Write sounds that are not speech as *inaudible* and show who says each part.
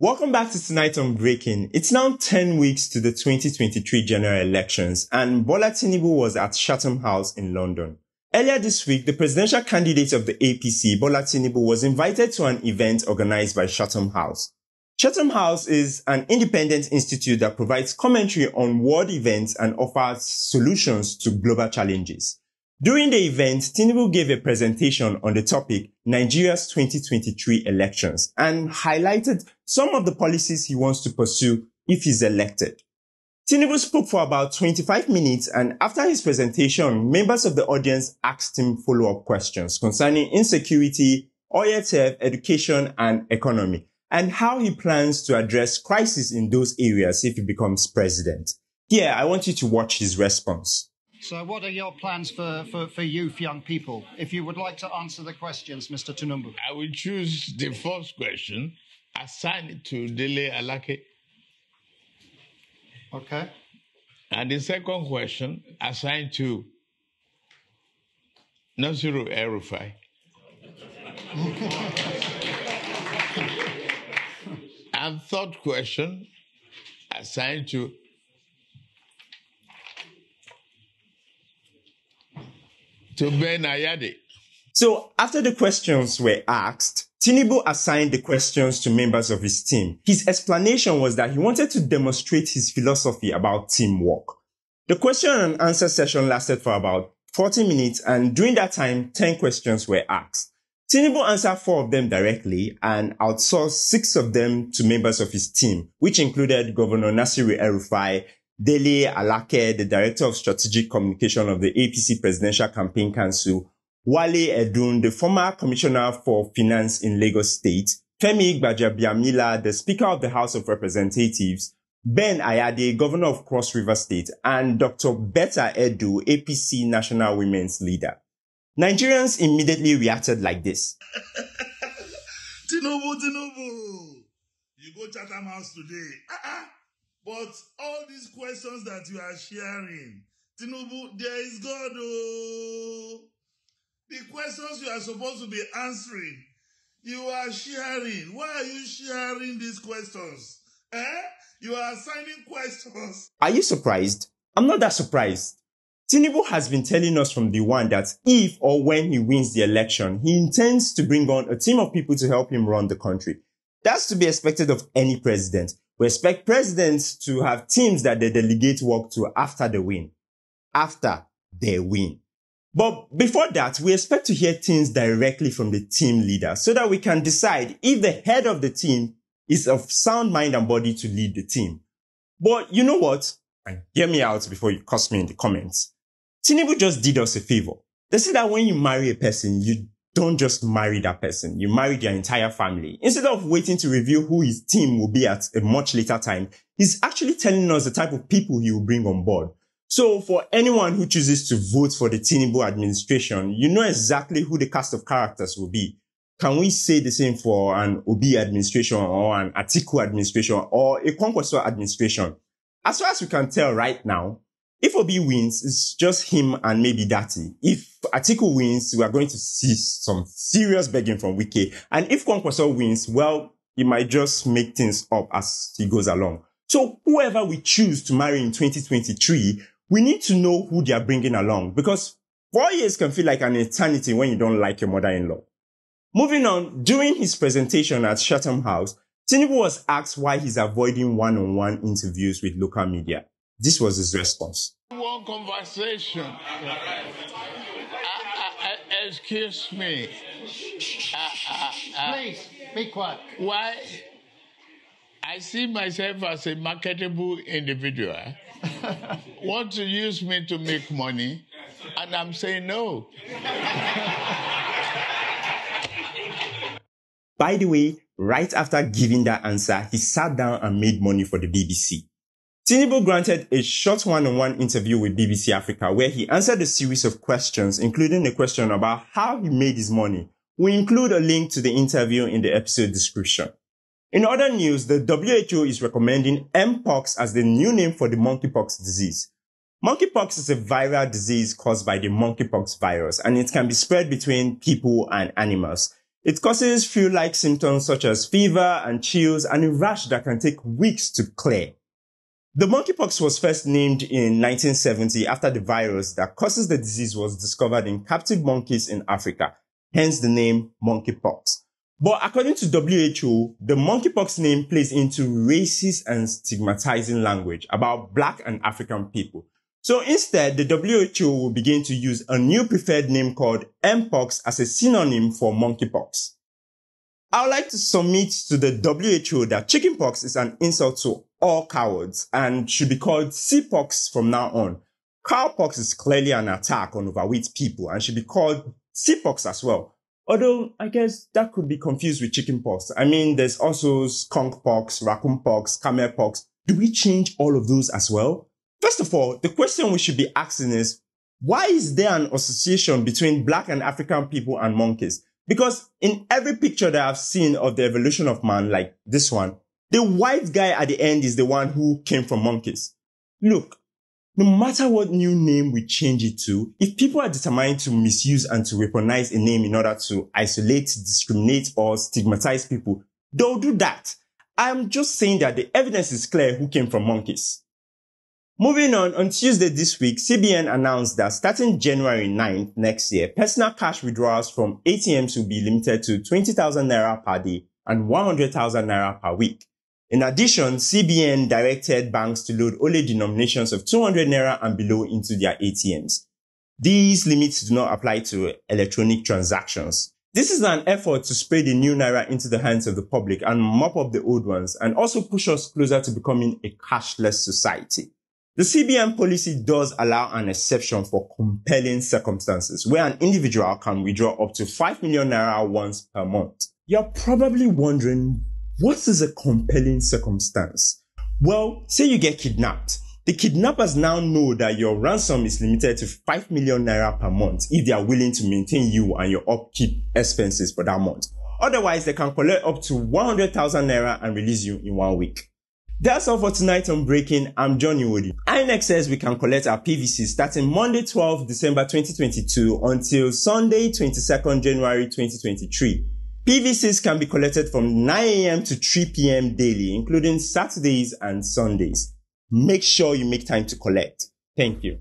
Speaker 1: Welcome back to Tonight on Breaking. It's now 10 weeks to the 2023 general elections and Bola Tinubu was at Chatham House in London. Earlier this week, the presidential candidate of the APC, Bola Tinubu, was invited to an event organized by Chatham House. Chatham House is an independent institute that provides commentary on world events and offers solutions to global challenges. During the event, Tinubu gave a presentation on the topic Nigeria's 2023 elections and highlighted some of the policies he wants to pursue if he's elected. Tinubu spoke for about 25 minutes and after his presentation, members of the audience asked him follow-up questions concerning insecurity, OETF, education and economy and how he plans to address crisis in those areas if he becomes president. Here, I want you to watch his response. So, what are your plans for, for, for youth, young people? If you would like to answer the questions, Mr. Tunumbu. I will choose the first question, assign it to Dele Alake. Okay. And the second question, assign to Nasiru Erufai. *laughs* and third question, assigned to to Ben Ayade. So after the questions were asked, Tinubu assigned the questions to members of his team. His explanation was that he wanted to demonstrate his philosophy about teamwork. The question and answer session lasted for about 40 minutes and during that time, 10 questions were asked. Tinubu answered four of them directly and outsourced six of them to members of his team, which included Governor Nasiru Erufai, Dele Alake, the Director of Strategic Communication of the APC Presidential Campaign Council, Wale Edun, the former Commissioner for Finance in Lagos State, Femi Gbajabiamila, the Speaker of the House of Representatives, Ben Ayade, Governor of Cross River State, and Dr. Beta Edu, APC National Women's Leader. Nigerians immediately reacted like this. *laughs* Tinubu, Tinubu, you go Chatham House today. Uh-uh. But all these questions that you are sharing, Tinubu, there is God. Oh. The questions you are supposed to be answering, you are sharing. Why are you sharing these questions? Eh? You are assigning questions. Are you surprised? I'm not that surprised. Tinubu has been telling us from the one that if or when he wins the election, he intends to bring on a team of people to help him run the country. That's to be expected of any president. We expect presidents to have teams that they delegate work to after they win. After they win. But before that, we expect to hear things directly from the team leader so that we can decide if the head of the team is of sound mind and body to lead the team. But you know what? And hear me out before you cuss me in the comments. Tinibu just did us a favor. They say that when you marry a person, you don't just marry that person. You marry their entire family. Instead of waiting to reveal who his team will be at a much later time, he's actually telling us the type of people he will bring on board. So for anyone who chooses to vote for the Tinubu administration, you know exactly who the cast of characters will be. Can we say the same for an Obi administration or an Atiku administration or a Kwankwaso administration? As far as we can tell right now, if Obi wins, it's just him and maybe Dati. If Atiku wins, we are going to see some serious begging from Wiki. And if Kwankwaso wins, well, he might just make things up as he goes along. So whoever we choose to marry in 2023, we need to know who they are bringing along because four years can feel like an eternity when you don't like your mother-in-law. Moving on, during his presentation at Chatham House, Tinubu was asked why he's avoiding one-on-one interviews with local media. This was his response. One conversation. I, I, I, excuse me. Uh, uh, uh, Please, be quiet. Why? I see myself as a marketable individual. Eh? *laughs* Want to use me to make money? And I'm saying no. By the way, right after giving that answer, he sat down and made money for the BBC. Tinubu granted a short one-on-one interview with BBC Africa where he answered a series of questions, including a question about how he made his money. We include a link to the interview in the episode description. In other news, the WHO is recommending Mpox as the new name for the monkeypox disease. Monkeypox is a viral disease caused by the monkeypox virus and it can be spread between people and animals. It causes flu-like symptoms such as fever and chills and a rash that can take weeks to clear. The monkeypox was first named in 1970 after the virus that causes the disease was discovered in captive monkeys in Africa, hence the name monkeypox. But according to WHO, the monkeypox name plays into racist and stigmatizing language about black and African people. So instead, the WHO will begin to use a new preferred name called Mpox as a synonym for monkeypox. I would like to submit to the WHO that chickenpox is an insult to all cowards and should be called CPOX from now on. Cowpox is clearly an attack on overweight people and should be called CPOX as well. Although I guess that could be confused with chickenpox. I mean, there's also skunkpox, raccoonpox, camelpox. Do we change all of those as well? First of all, the question we should be asking is, why is there an association between black and African people and monkeys? Because in every picture that I've seen of the evolution of man, like this one, the white guy at the end is the one who came from monkeys. Look, no matter what new name we change it to, if people are determined to misuse and to weaponize a name in order to isolate, discriminate, or stigmatize people, they'll do that. I'm just saying that the evidence is clear who came from monkeys. Moving on, on Tuesday this week, CBN announced that starting January 9th next year, personal cash withdrawals from ATMs will be limited to 20,000 naira per day and 100,000 naira per week. In addition, CBN directed banks to load only denominations of 200 naira and below into their ATMs. These limits do not apply to electronic transactions. This is an effort to spread the new naira into the hands of the public and mop up the old ones and also push us closer to becoming a cashless society. The CBN policy does allow an exception for compelling circumstances where an individual can withdraw up to 5 million naira once per month. You're probably wondering, what is a compelling circumstance? Well, say you get kidnapped. The kidnappers now know that your ransom is limited to 5 million naira per month if they are willing to maintain you and your upkeep expenses for that month. Otherwise, they can collect up to 100,000 naira and release you in one week. That's all for tonight on Breaking. I'm Johnny Woody. says we can collect our PVC starting Monday 12 December 2022 until Sunday 22nd January 2023. PVCs can be collected from 9 a.m. to 3 p.m. daily, including Saturdays and Sundays. Make sure you make time to collect. Thank you.